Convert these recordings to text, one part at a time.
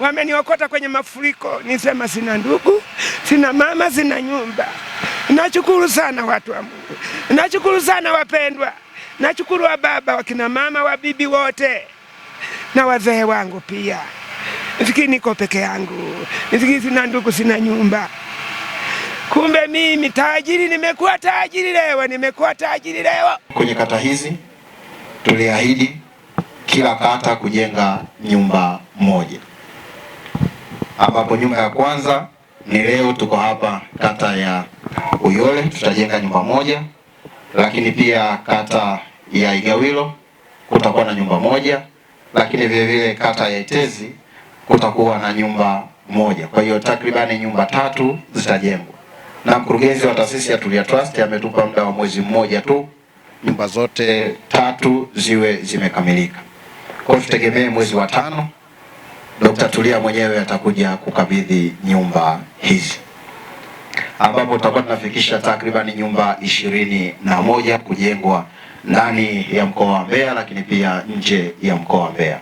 Wameniokota kwenye mafuriko, nisema sina ndugu, sina mama, sina nyumba. Nashukuru sana watu wa Mungu, nashukuru sana wapendwa, nashukuru wa baba, wakina mama, wabibi wote na wazee wangu pia. Nifikiri niko peke yangu, nifikiri sina ndugu, sina nyumba. Kumbe mimi tajiri, nimekuwa tajiri leo, nimekuwa tajiri leo. Kwenye kata hizi tuliahidi kila kata kujenga nyumba moja ambapo nyumba ya kwanza ni leo tuko hapa kata ya Uyole tutajenga nyumba moja, lakini pia kata ya Igawilo kutakuwa na nyumba moja, lakini vile vile kata ya Itezi kutakuwa na nyumba moja. Kwa hiyo takribani nyumba tatu zitajengwa, na mkurugenzi wa taasisi ya Tulia Trust ametupa muda wa mwezi mmoja tu nyumba zote tatu ziwe zimekamilika. Kwa hiyo tutegemee mwezi wa tano Tulia mwenyewe atakuja kukabidhi nyumba hizi, ambapo tutakuwa tunafikisha takribani nyumba ishirini na moja kujengwa ndani ya mkoa wa Mbeya, lakini pia nje ya mkoa wa Mbeya.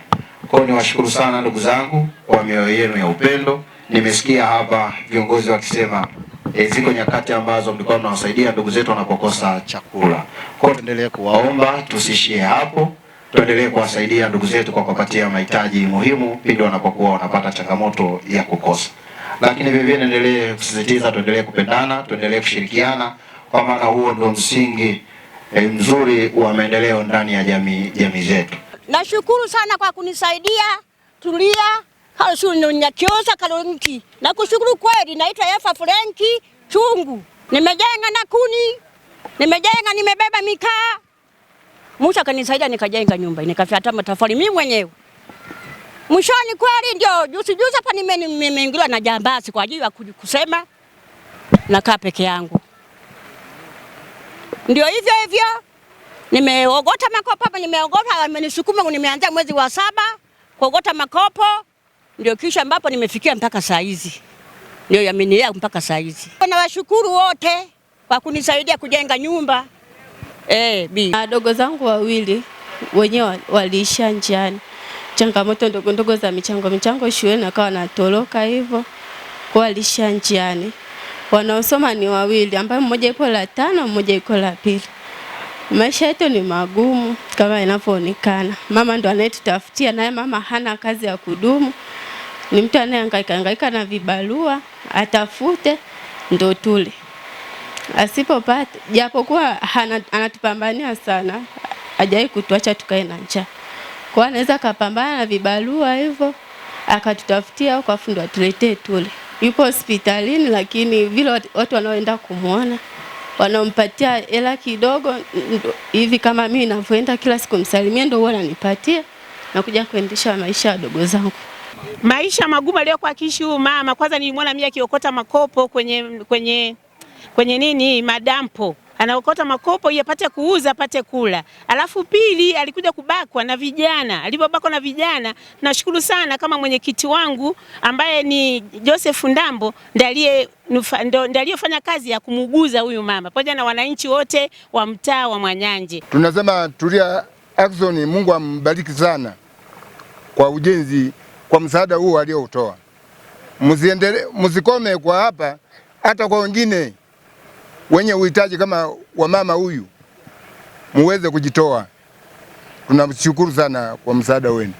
Kwa hiyo niwashukuru sana ndugu zangu kwa mioyo yenu ya upendo. Nimesikia hapa viongozi wakisema E, ziko nyakati ambazo mlikuwa mnawasaidia ndugu zetu wanapokosa chakula. Kwa hiyo tuendelee kuwaomba, tusishie hapo tuendelee kuwasaidia ndugu zetu kwa kuwapatia mahitaji muhimu pindi wanapokuwa wanapata changamoto ya kukosa. Lakini vivyo vile niendelee kusisitiza, tuendelee kupendana, tuendelee kushirikiana, kwa maana huo ndio msingi eh, mzuri wa maendeleo ndani ya jamii jamii zetu. Nashukuru sana kwa kunisaidia tulia kalsununyachosa kalonki na kushukuru kweli. Naitwa Efa Frenki Chungu, nimejenga na kuni, nimejenga nimebeba mikaa Musa akanisaidia nikajenga nyumba nikafyata matafari mimi mwenyewe. Mwishoni kweli ndio juzi juzi hapa nimeingiliwa na jambazi kwa ajili ya kusema nakaa peke yangu. Ndio hivyo hivyo. Nimeogota makopo hapa, nimeogota amenisukuma, nimeanza mwezi wa saba kuogota makopo, ndio kisha ambapo nimefikia mpaka saa hizi, ndio yamenilea mpaka saa hizi. Nawashukuru wote kwa kunisaidia kujenga nyumba. Eh, bi. Wadogo zangu wawili wenyewe waliisha njiani, changamoto ndogo ndogo za michango michango shuleni, akawa natoroka hivyo kwa waliisha njiani. Wanaosoma ni wawili, ambayo mmoja yuko la tano, mmoja yuko la pili. Maisha yetu ni magumu kama inavyoonekana. Mama ndo anayetutafutia, naye mama hana kazi ya kudumu, ni mtu anayehangaika hangaika na vibarua, atafute ndo tule asipopata, japokuwa anatupambania sana, hajawahi kutuacha tukae na njaa. Kwa anaweza akapambana na vibarua hivyo akatutafutia au kafu ndo atuletee tule. Yupo hospitalini, lakini vile watu wanaoenda kumwona wanampatia hela kidogo hivi, kama mimi ninavyoenda kila siku msalimia, ndio huwa ananipatia na kuja kuendesha maisha ya wadogo zangu. Maisha magumu aliyokuwa akiishi huyu mama, kwanza nilimwona mimi akiokota makopo kwenye kwenye kwenye nini madampo anaokota makopo ili apate kuuza apate kula. Alafu pili, alikuja kubakwa na vijana. Alipobakwa na vijana, nashukuru sana kama mwenyekiti wangu ambaye ni Joseph Ndambo ndiye aliyofanya kazi ya kumuguza huyu mama pamoja na wananchi wote wa mtaa wa Mwanyanje. Tunasema Tulia Ackson, Mungu ambariki sana kwa ujenzi, kwa msaada huu aliyoutoa. muzikome kwa hapa, hata kwa wengine wenye uhitaji kama wamama huyu muweze kujitoa. Tunashukuru sana kwa msaada wenu.